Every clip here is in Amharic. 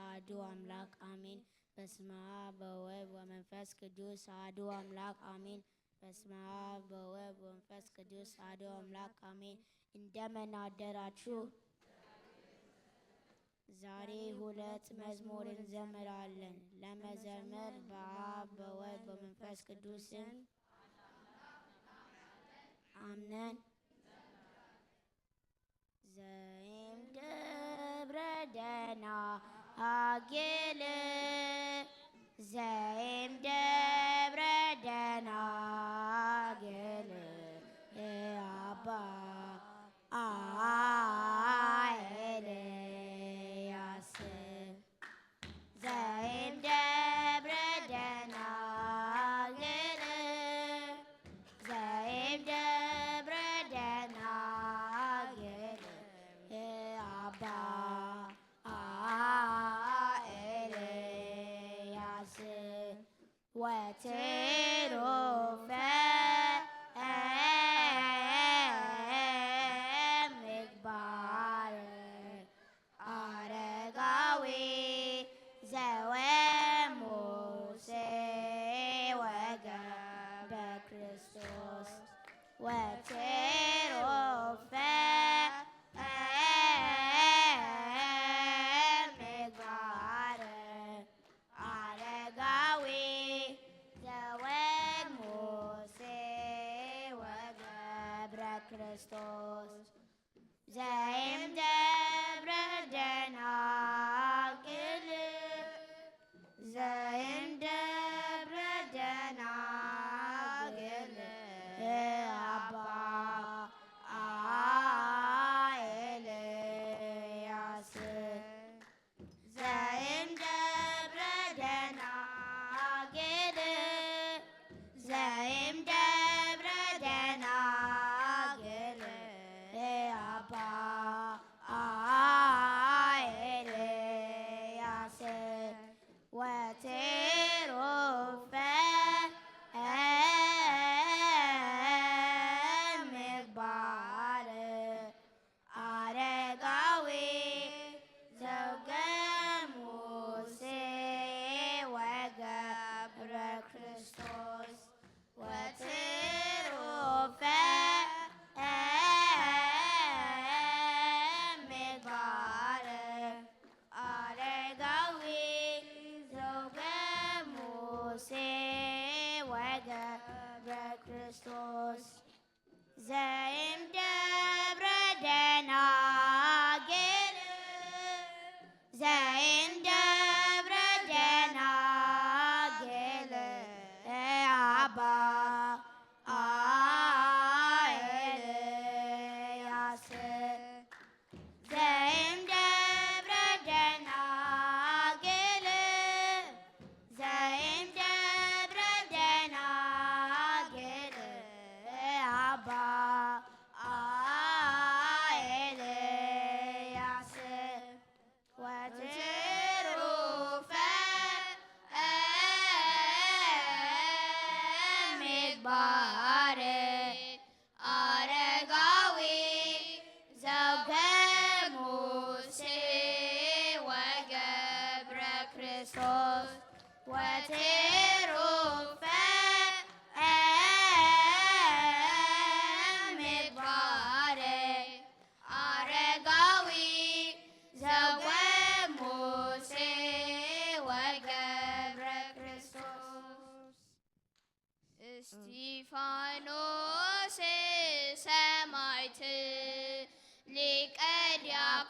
አሐዱ አምላክ አሜን። በስመ አብ በወልድ ወመንፈስ ቅዱስ አሐዱ አምላክ አሜን። በስመ አብ በወልድ ወመንፈስ ቅዱስ አሐዱ አምላክ አሜን። እንደምን አደራችሁ? ዛሬ ሁለት መዝሙር እንዘምራለን። ለመዘመር በአብ በወልድ በመንፈስ ቅዱስ ስም አምነን ዘይም ደብረ ደና Again. Wetero fair. Krisztus. Zem,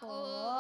和。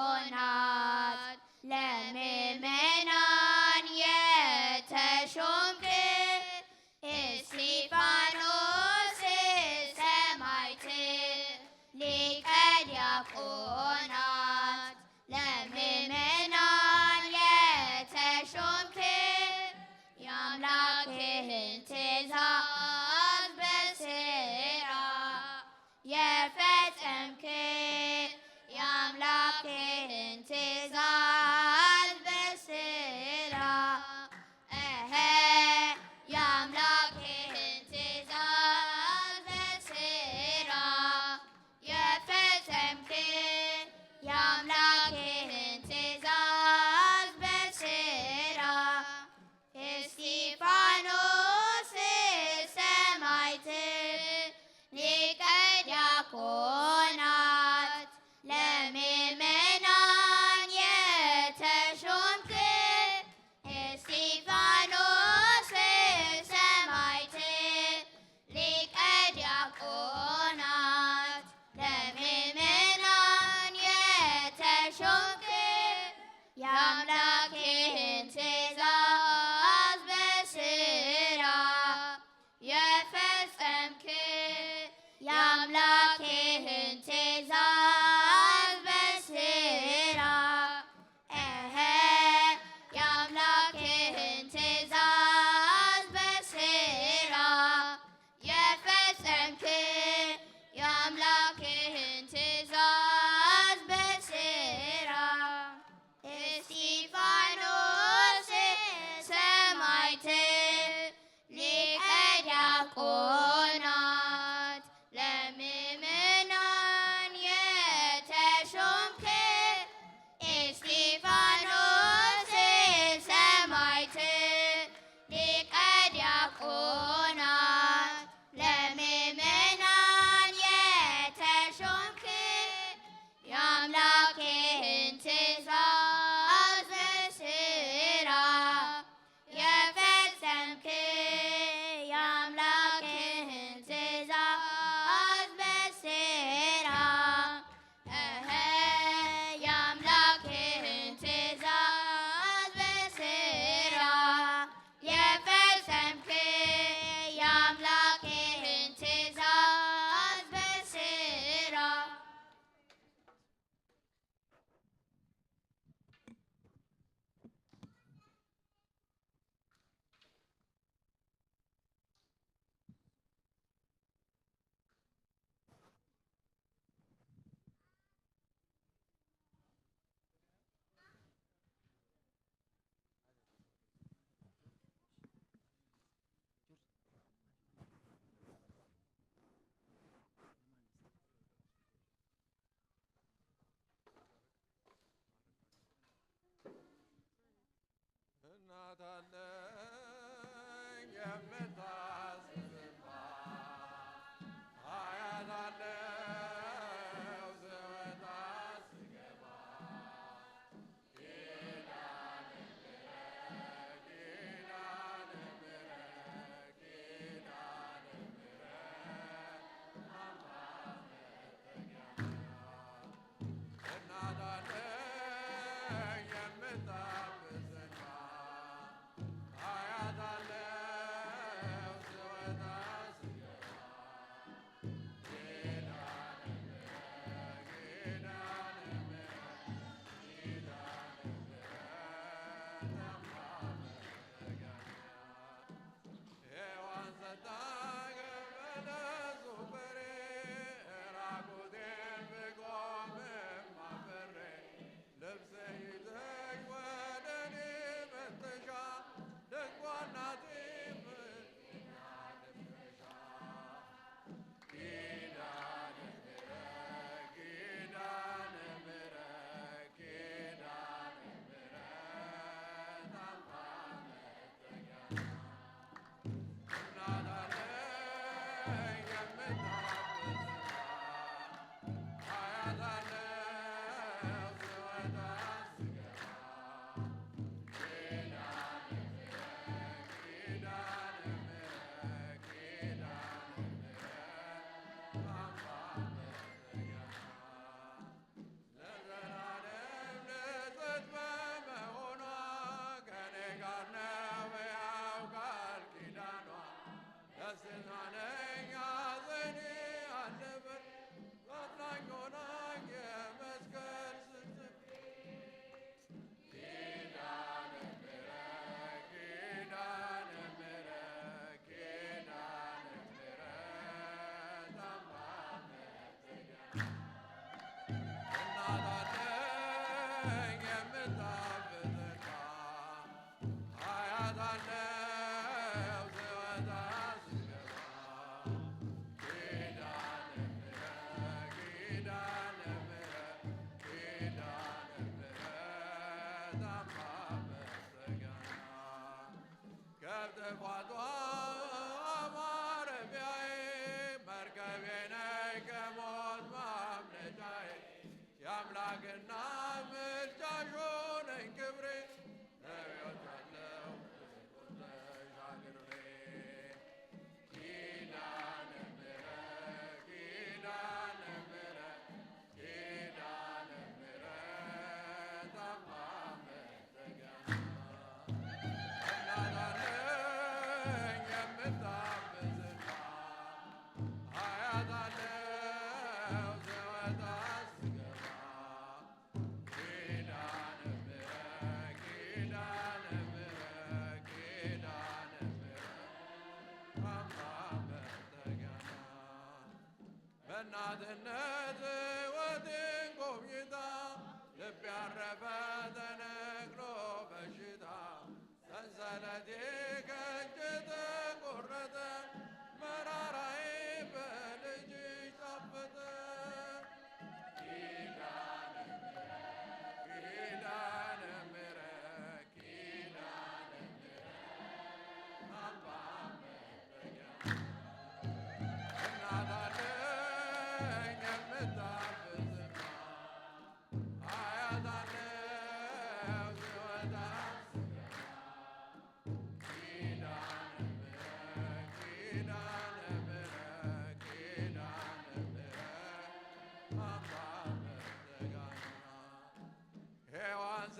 nada, nada.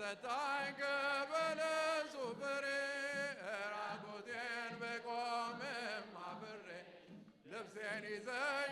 ሰጣኝ ከበለሱ ፍሬ ራቁቴን ብቆምም አፍሬ ልብሴን ይዘኝ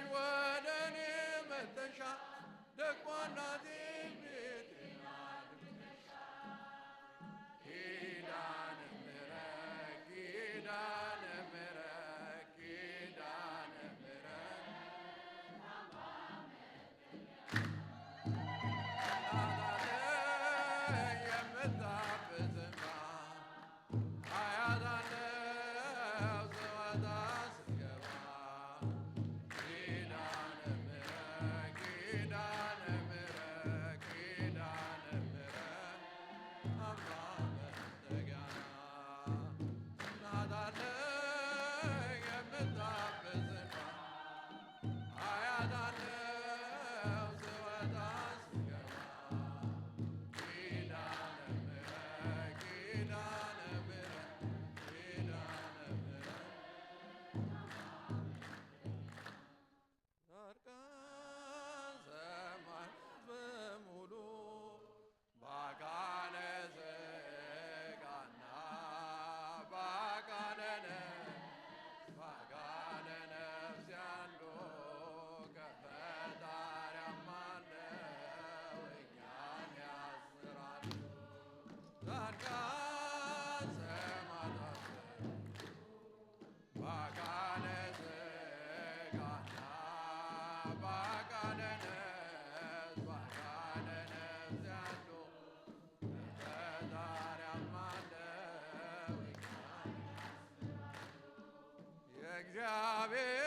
Yahweh.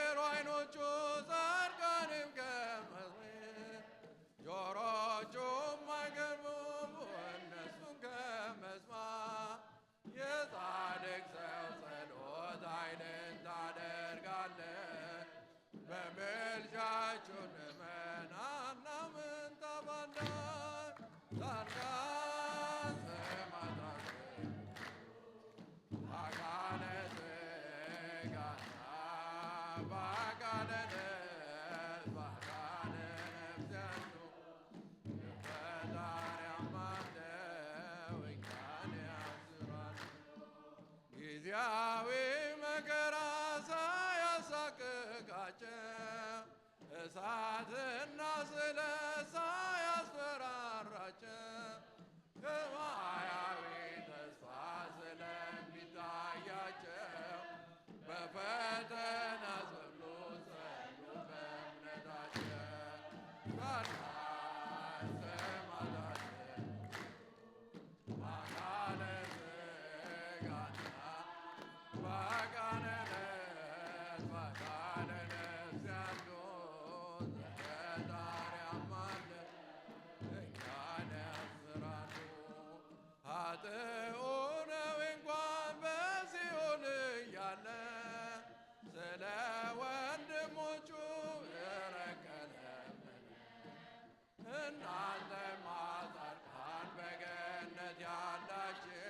ጊዜያዊ መከራ ሳያሳቅቃቸው እሳትና ስለሳ ያስፈራራቸው like you.